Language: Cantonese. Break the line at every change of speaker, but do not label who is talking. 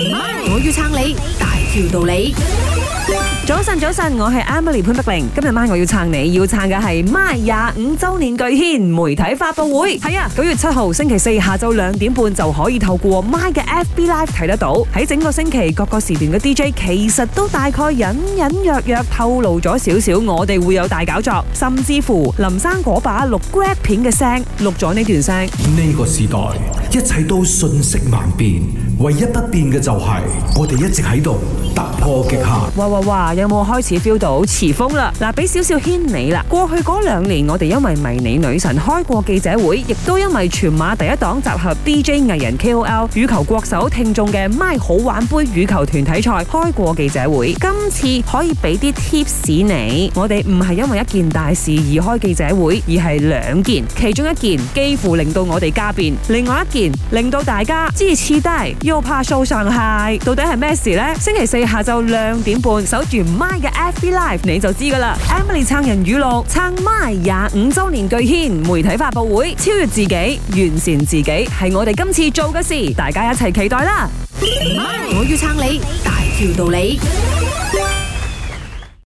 My, 我要
撐你，大條道理。
早晨，早晨，我係 Emily 潘碧玲。今日晚我要撐你，要撐嘅係 My 廿五周年巨獻媒體發布會。係啊，九月七號星期四下晝兩點半就可以透過 My 嘅 FB Live 睇得到。喺整個星期各個時段嘅 DJ 其實都大概隱隱約約透露咗少少，我哋會有大搞作，甚至乎林生嗰把錄 Grab 片嘅聲錄咗呢段聲。
呢個時代。一切都瞬息萬變，唯一不變嘅就係我哋一直喺度突破極限。
哇哇哇！有冇開始 feel 到陣風啦？嗱、啊，俾少少牽你啦。過去嗰兩年，我哋因為迷你女神開過記者會，亦都因為全馬第一檔集合 DJ 藝人 KOL 羽球國手聽眾嘅 MY 好玩杯羽球團體賽開過記者會。今次可以俾啲 tips 你，我哋唔係因為一件大事而開記者會，而係兩件，其中一件幾乎令到我哋加變，另外一件。.令到大家支持低，又怕數上限，到底係咩事呢？星期四下晝兩點半，守住 my 嘅 FB Live，你就知噶啦。Emily 撐人語錄，撐 my 廿五周年巨獻媒體發布會，超越自己，完善自己，係我哋今次做嘅事，大家一齊期待啦！my，我要撐你，大條道理。